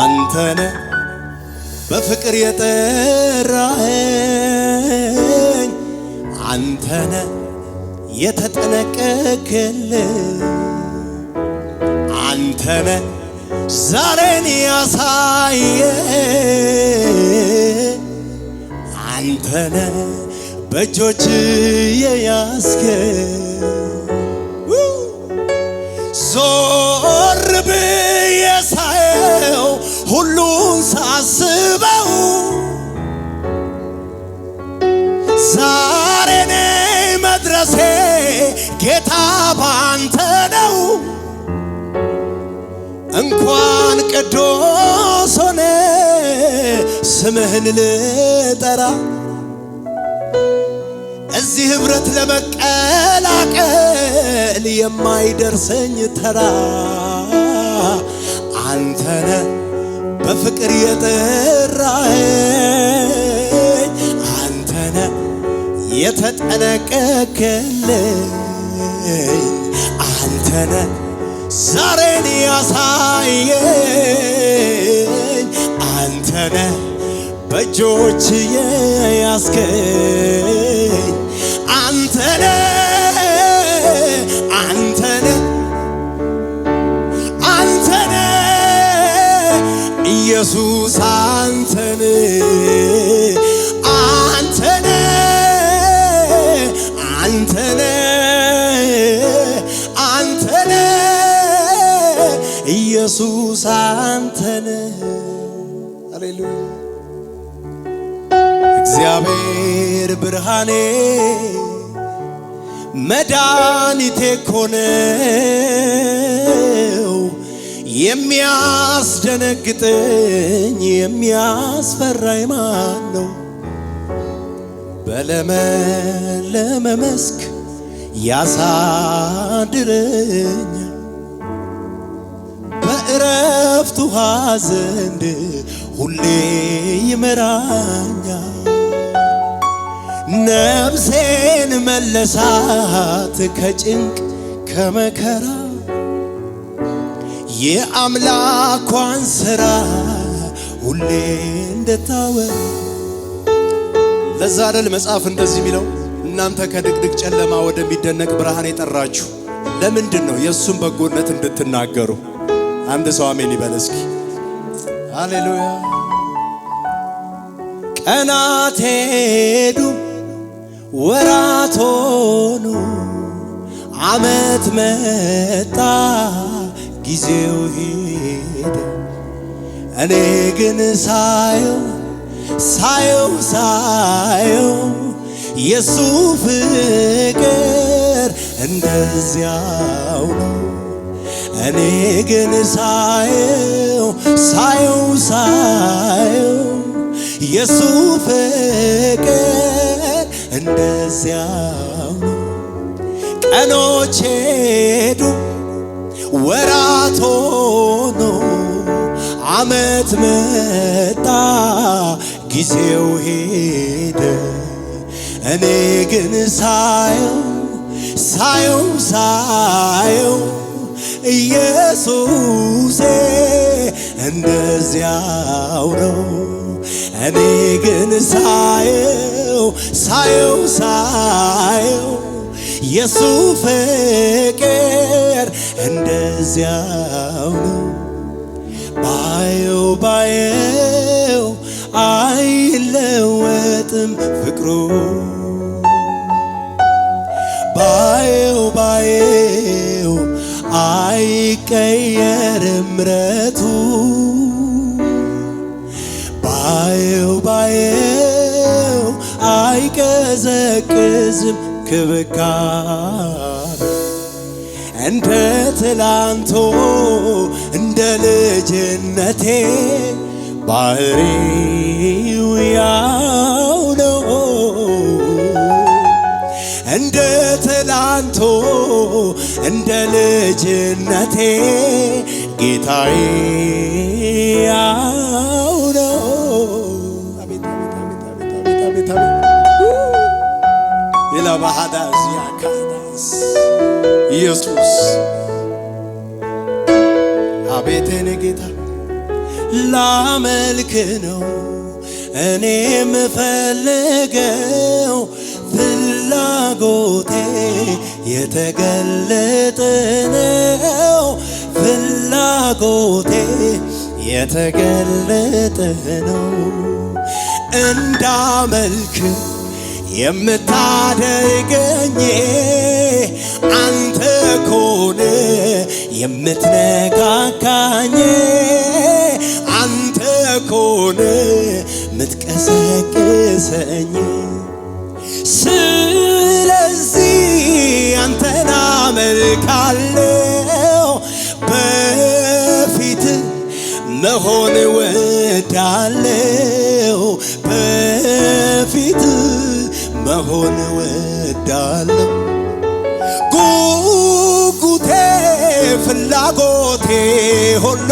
አንተነ በፍቅር የጠራኸኝ አንተነ የተጠነቀቅል አንተነ ዛሬን ያሳየ አንተነ በእጆች የያዝከ ዞር ብዬ ሁሉን ሳስበው ዛሬ እኔ መድረሴ ጌታ ባንተ ነው። እንኳን ቅዱስ ሆነ ስምህን ልጠራ እዚህ ኅብረት ለመቀላቀል የማይደርሰኝ ተራ አንተነ በፍቅር የጠራኸኝ አንተነ የተጠነቀቀልኝ አንተነ ዛሬን ያሳየኝ አንተነ በእጆች የያዝከኝ ኢየሱስ አንተን አሌሉያ እግዚአብሔር ብርሃኔ መድኃኒቴ እኮ የሚያስደነግጠኝ የሚያስፈራኝ ማን ነው? በለመለመ መስክ ያሳድረኝ የእረፍት ውሃ ዘንድ ሁሌ ይመራኛል። ነፍሴን መለሳት ከጭንቅ ከመከራ የአምላኳን ሥራ ሁሌ እንደታወራ ለዛ አይደል መጽሐፍ እንደዚህ የሚለው እናንተ ከድቅድቅ ጨለማ ወደሚደነቅ ብርሃን የጠራችሁ ለምንድን ነው? የእሱን በጎነት እንድትናገሩ አንድ ሰው አሜን ይበል እስኪ። ሃሌሉያ። ቀናት ሄዱ፣ ወራት ሆኑ፣ ዓመት መጣ፣ ጊዜው ሄደ። እኔ ግን ሳየው ሳየው ሳየው የሱ ፍቅር እንደዚያው ነው። እኔ ግን ሳየው ሳየው ሳየው የሱ ፍቅር እንደዚያው ቀኖች ሄዱ ወራት ሆኖ አመት መጣ ጊዜው ሄደ እኔ ግን ሳየው ሳየው ሳየው ኢየሱሴ እንደዚያው ነው። እኔ ግን ሳየው ሳየው ሳየው የሱ ፍቅር እንደዚያው ነው። ባየው ባየው አይለወጥም ፍቅሩ ባየው ባየው አይቀየርም ምሕረቱ ባየው ባየው አይቀዘቅዝም ክብካቤ እንደ ትላንቶ እንደ ልጅነቴ ባህሪው ያ ላንቶ እንደ ልጅነቴ ጌታዬ ያው ነው። ኢለባሃዳስ ያካዳስ ኢየሱስ አቤቴን ጌታ ላመልክ ነው እኔ የምፈልገው ፍላጎቴ የተገለጠነው ፍላጎቴ የተገለጠነው እንዳመልክ የምታደርገኝ አንተ ኮነ የምትነካካኝ አንተ ኮነ ምትቀሰቅሰኝ ስለዚህ አንተን አመልካለው በፊት መሆን ወዳለው በፊት መሆን ወዳለው ጉጉቴ ፍላጎቴ ሁሉ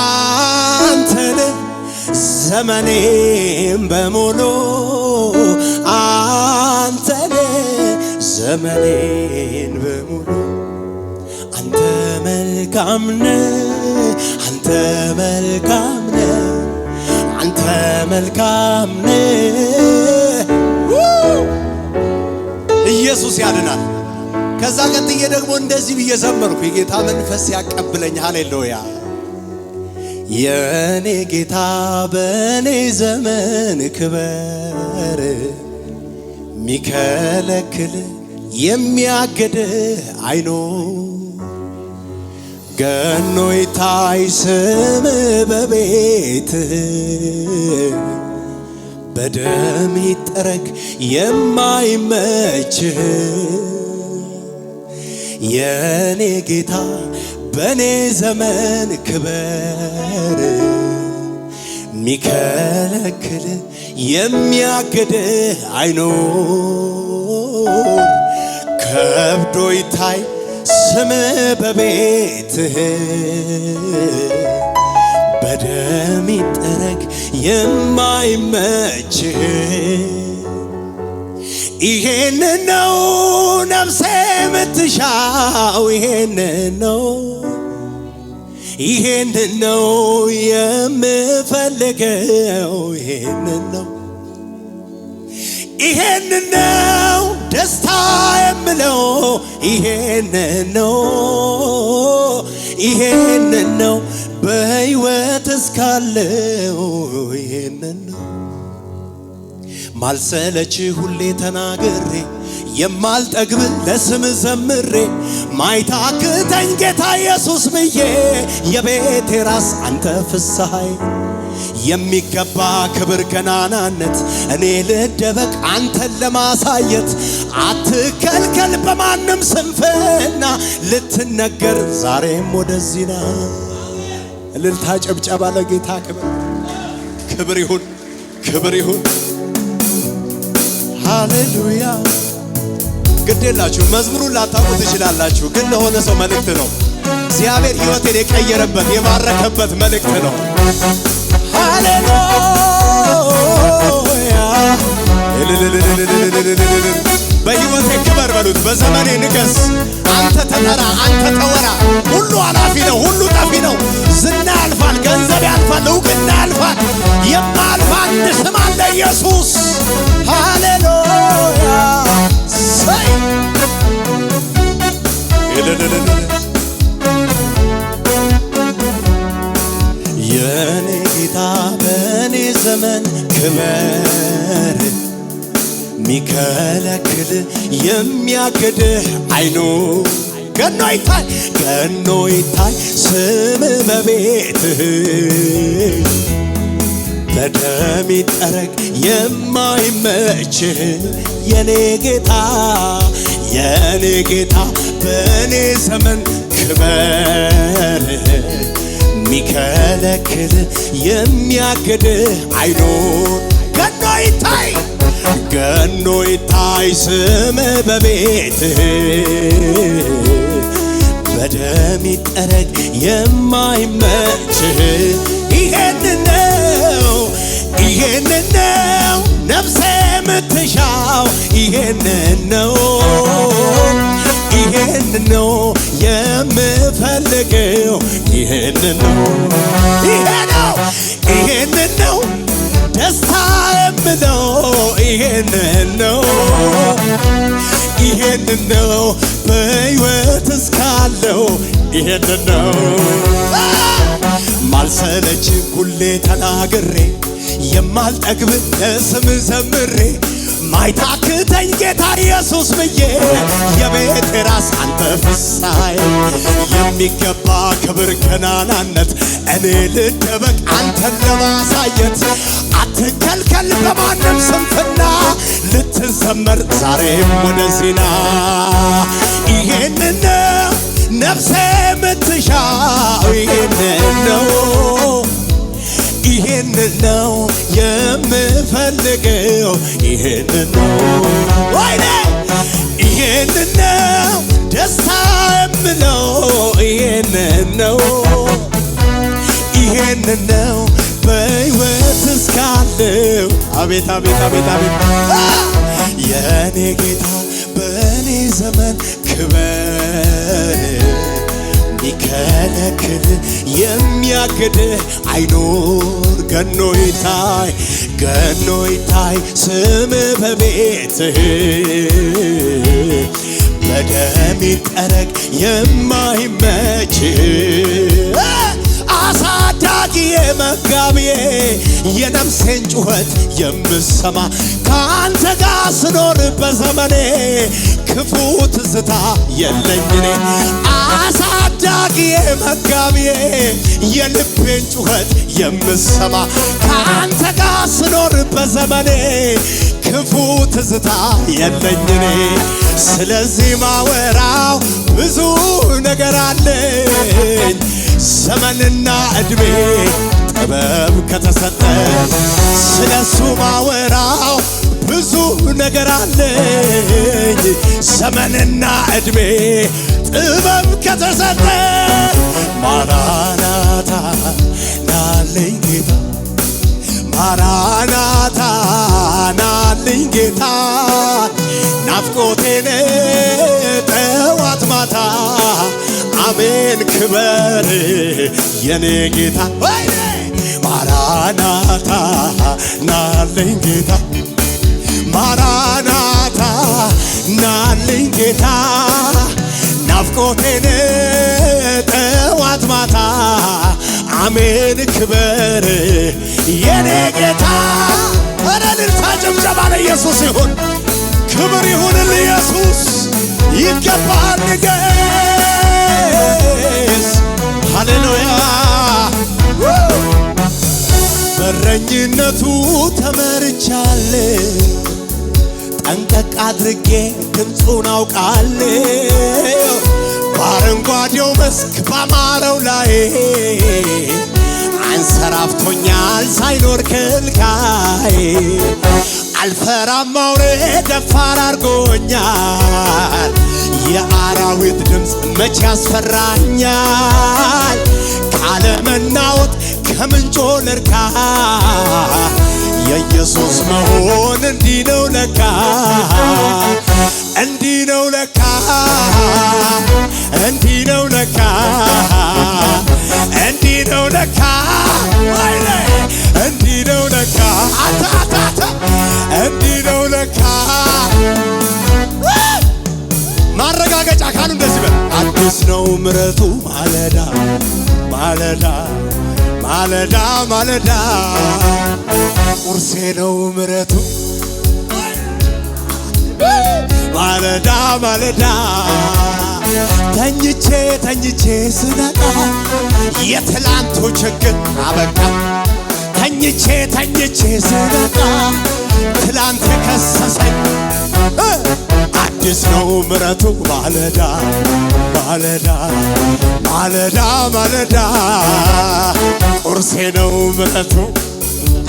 አንተን ዘመኔም በሙሉ ዘመኔን በሙሉ አንተ መልካም ነህ፣ አንተ መልካም አንተ መልካም ኢየሱስ ያድናል። ከዛ ቀጥዬ ደግሞ እንደዚህ ብዬ ዘመርኩ፣ የጌታ መንፈስ ያቀብለኝ። ሃሌሉያ የእኔ ጌታ በእኔ ዘመን ክበር ሚከለክል የሚያገደ አይኖ ገኖ ይታይ ስም በቤት በደም ይጠረግ የማይመች የኔ ጌታ በእኔ ዘመን ክበር ሚከለክል የሚያግድህ አይኖር ከብዶ ይታይ ስም በቤትህ በደም ይጠረግ የማይመችህ ይሄን ነው ነፍሴ የምትሻው ይሄን ነው ይሄን ነው የምፈልገው ይሄን ነው ይሄን ነው ደስታ የምለው ይሄንን ነው ይሄንን ነው በህይወት እስካለው ይሄንን ነው ማልሰለች ሁሌ ተናግሬ የማልጠግብ ለስም ዘምሬ ማይታክተኝ ጌታ ኢየሱስ ብዬ የቤቴ ራስ አንተ ፍስሐይ የሚገባ ክብር ገናናነት እኔ ልደበቅ አንተን ለማሳየት አትከልከል በማንም ስንፍና ልትነገር ዛሬም ወደዚህ ና። እልልታ ጨብጨባ ለጌታ ክብር ክብር ይሁን ክብር ይሁን ሃሌሉያ። ግዴላችሁ መዝሙሩን ላታውቁት ትችላላችሁ፣ ግን ለሆነ ሰው መልእክት ነው። እግዚአብሔር ሕይወቴን የቀየረበት የባረከበት መልእክት ነው። ሃሌሉያ በሕይወቴ ክበር በሉት፣ በዘመኔ ንገስ። አንተ ተጠራ፣ አንተ ተወራ። ሁሉ አላፊ ነው፣ ሁሉ ጠፊ ነው። ዝና ያልፋል፣ ገንዘብ ያልፋል፣ እውቅና ያልፋል። የማያልፍ አንድ ስም አለ ኢየሱስ ክበር ሚከለክል የሚያግድህ አይኑ ገኖ ይታይ ገኖ ይታይ ስም በቤትህ በደም ይጠረግ የማይመችህ የኔ ጌታ የኔ ጌታ በእኔ ዘመን ክበር የሚከለክል የሚያግድ አይኖር። ገኖ ይታይ ገኖ ይታይ ስም በቤት በደም ይጠረግ የማይመችህ ይሄን ነው ነው ነፍሴ የምትሻው ይሄን ነው ይሄን ነው የምፈልገው። ይሄን ነው ይሄ ነው ይሄን ነው ደስታ የምለው ይሄን ነው ይሄን ነው በሕይወት እስካለው ይሄን ነው ማልሰለች ሁሌ ተናግሬ የማልጠግብ ለስም ዘምሬ ማይታክተኝ ጌታ ኢየሱስ ብዬ የቤት ራስ አንተ ፍሳይ የሚገባ ክብር ከናናነት እኔ ልደበቅ አንተን ለማሳየት አትከልከል በማንም ስንፍና ልትዘመር ዛሬም ወደ ዜና ይሄ የምፈልገው ይህንን ነው ወይኔ ይህንን ነው ደስታ የምለው ይህንን ነው ይህንን ነው በሕይወት እስካለው አቤት አቤት አቤት አቤት የእኔ ጌታ በእኔ ዘመን ክበር የሚከለክል የሚያግድ አይኖር። ገኖ ይታይ ገኖ ይታይ ስም በቤትህ በደም ይጠረግ የማይመች አሳዳጊ መጋቢዬ የነፍሴን ጩኸት የምሰማ ከአንተ ጋር ስኖር በዘመኔ ክፉ ትዝታ የለኝኔ አሳዳጊ መጋቢዬ የልቤን ጩኸት የምሰማ ከአንተ ጋር ስኖር በዘመኔ ክፉ ትዝታ የለኝኔ ስለዚህ ማወራው ዘመንና እድሜ ጥበብ ከተሰጠ ስለሱ ማወራው ብዙ ነገር አለኝ። ዘመንና እድሜ ጥበብ ከተሰጠ ማራናታ ናለኝ ጌታ ማራናታ ናለኝ ጌታ ናፍቆቴን ጠዋት ማታ አሜን ክበር የኔ ጌታ ማራናታ ናለኝ ጌታ ማራናታ ናለኝ ጌታ ናፍቆቴን ጠዋት ማታ አሜን ክበር የኔ ጌታ እረ ልልታ ጭብጨባ ለኢየሱስ ይሁን። ክብር ይሁን ኢየሱስ ይገባሃል ንገስ ሃሌሉያ በረኝነቱ ተመርቻለ ጠንቀቅ አድርጌ ድምፁን አውቃለ በአረንጓዴው መስክ ባማረው ላይ አንሰራፍቶኛል ሳይኖር ክልካይ አልፈራም አውሬ ደፋር አድርጎኛል። የአራዊት ድምፅ መቼ ያስፈራኛል? ካለመናወጥ ከምንጮ ልርካ የኢየሱስ መሆን እንዲህ ነው ለካ፣ እንዲህ ነው ለካ፣ እንዲህ ነው ለካ፣ እንዲህ ነው ለካ፣ እንዲህ ነው ለካ ምረቱ ማለዳ ማለዳ ማለዳ ማለዳ ቁርሴ ነው ምረቱ ማለዳ ማለዳ ተኝቼ ተኝቼ ስነቃ የትላንቱ ችግር አበቃ። ተኝቼ ተኝቼ ስነቃ ትላንት የከሰሰኝ አዲስ ነው ማለዳ ማለዳ ማለዳ ማለዳ ቁርሴ ነው ምረቱ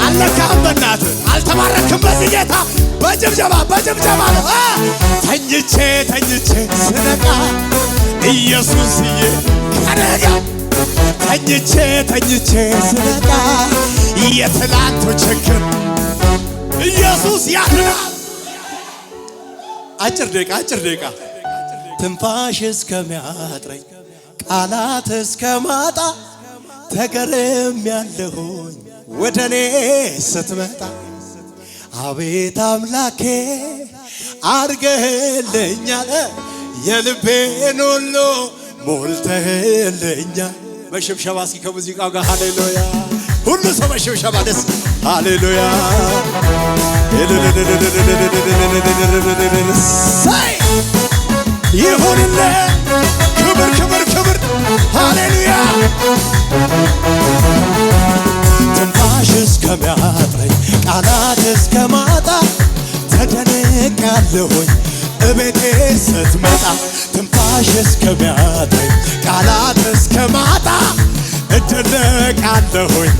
አልነካህም፣ በእናትህ አልተባረክም። በዚህ ጌታ በጭብጨባ በጭብጨባ ነው ተኝቼ ተኝቼ ስነቃ ኢየሱስዬ ከነጋ ተኝቼ ተኝቼ ስነቃ የትላንቱ ችግር ኢየሱስ ያድናል። አጭር ደቂቃ አጭር ደቂቃ ትንፋሽ እስከሚያጥረኝ ቃላት እስከማጣ ተገርም ያለሁኝ ወደ እኔ ስትመጣ አቤት አምላኬ አርገህልኛል የልቤን ሁሉ ሞልተህልኛል። መሸብሸባ እስኪ ከሙዚቃው ጋር ሃሌሉያ ሁሉ ሰው መሸብሸባ ደስ ሃሌሉያ ይሁንለ ክብር ክብር ክብር ሃሌሉያ ትንፋሽ እስከሚያጥረኝ ቃላት እስከ እስከማጣ ተደንቄያለሁኝ እቤቴ ስትመጣ ትንፋሽ እስከሚያጥረኝ ቃላት እስከማጣ እደነቃለሁኝ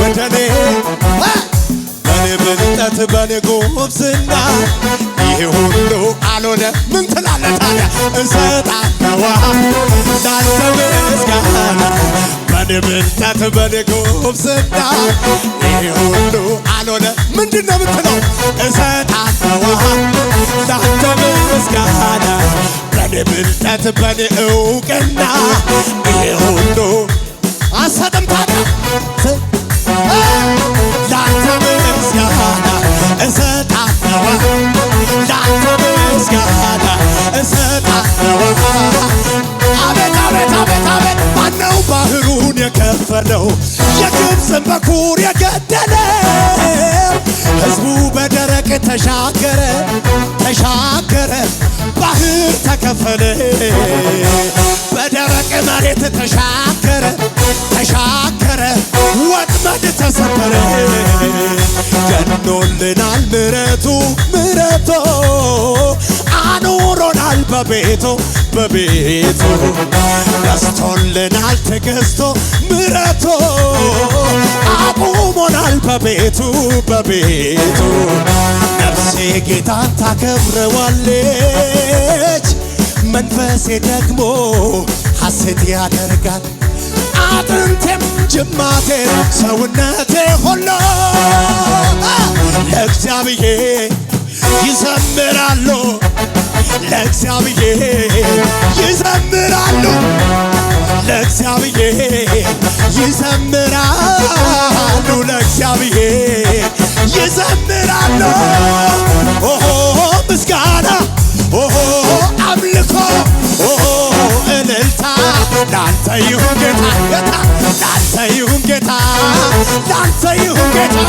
ወደ እኔ እውነት በኔ ጉብዝና ይህ ሁሉ አልሆነ። ምን ትላለ ታዲያ? እሰጣለዋ ላንተ ምስጋና በኔ ብልጠት በኔ ጉብዝና ይህ ሁሉ አልሆነ። ምንድን ነው ምትለው? እሰጣለዋ ላንተ ምስጋና በኔ ብልጠት በኔ እውቅና ይህ ሁሉ አሰጥም ታዲያ በኩር የገደለ ህዝቡ በደረቅ ተሻገረ ተሻገረ ባህር ተከፈለ በደረቅ መሬት ተሻገረ ተሻገረ ወጥመድ ተሰበረ ገኖልናል ምረቱ ምረቶ አኖሮናል በቤቶ በቤቶ ደስቶልናል ትግስቶ ምረቶ ይኖራል በቤቱ በቤቱ ነፍሴ ጌታን ታከብረዋለች፣ መንፈሴ ደግሞ ሐሴት ያደርጋል። አጥንቴም ጅማቴ ሰውነቴ ሁሉ ለእግዚአብሔር ይዘምራሉ፣ ለእግዚአብሔር ይዘምራሉ። ለእግዚአብሔር ይዘምራሉ፣ ለእግዚአብሔር ይዘምራሉ። ኦሆ ምስጋና፣ ኦሆ አምልኮ፣ ኦሆ እልልታ ላንተ ይሁን ጌታ ጌታ ላንተ ይሁን ጌታ ላንተ ይሁን ጌታ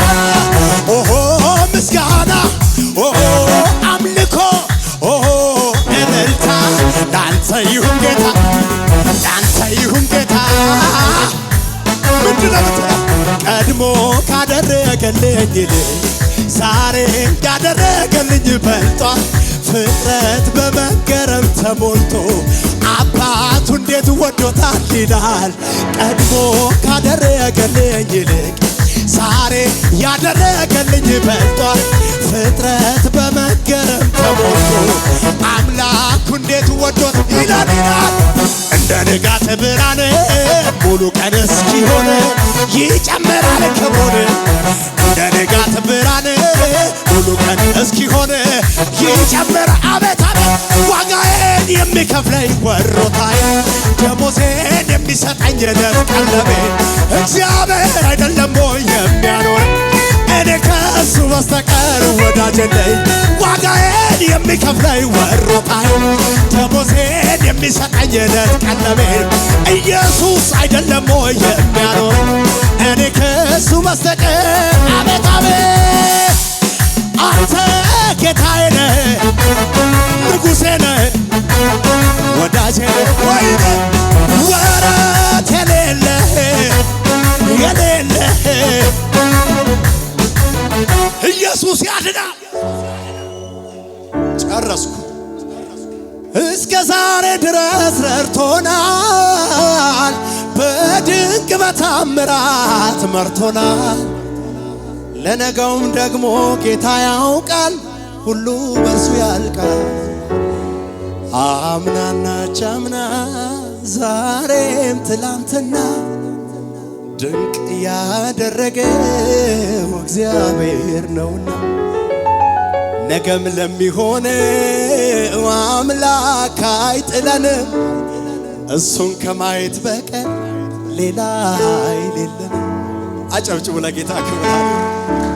ካደረገልኝ ይልቅ ዛሬ ያደረገልኝ በልጧል። ፍጥረት በመገረም ተሞልቶ አባቱ እንዴት ወዶታል ይላል። ቀድሞ ካደረገልኝ ይልቅ ዛሬ ያደረገልኝ በልጧል። ፍጥረት በመገረም ተሞልቶ አምላኩ እንዴት ወዶት ይላል ይላል እንደ ንጋት ብርሃን ሙሉ ቀን እስኪሆን ይጨምራል ክብር እንደ ንጋት ብርሃን ሙሉ ቀን እስኪሆን ይጨምር አቤት አቤት ዋጋዬን የሚከፍለኝ ወሮታዬ ደሞዜን የሚሰጠኝ ረደር ቀለቤ እግዚአብሔር አይደለም ወይ የሚያኖር እኔ ከእሱ በስተቀር ወዳጅ ዋጋዬን የሚከፍለኝ ወሮታዬ ደሞዜ የሚሰጠኝ የዕለት ቀለቤ ኢየሱስ አይደለም ወይ የሚያኖረኝ እኔ ከሱ በስተቀር አቤት አቤት አንተ ጌታዬ ነህ ንጉሴ ነህ ወዳጄ ነህ ወረት የሌለህ የሌለህ ኢየሱስ ያድናል ጨረስኩ እስከ ዛሬ ድረስ ረድቶናል፣ በድንቅ በታምራት መርቶናል። ለነገውም ደግሞ ጌታ ያውቃል፣ ሁሉ በእርሱ ያልቃል። አምናና ቻምና ዛሬም ትላንትና ድንቅ ያደረገው እግዚአብሔር ነውና ነገም ለሚሆነ አምላክ አይጥለንም። እሱን ከማየት በቀር ሌላ የለንም። አጨብጭቡ ለጌታ ክብር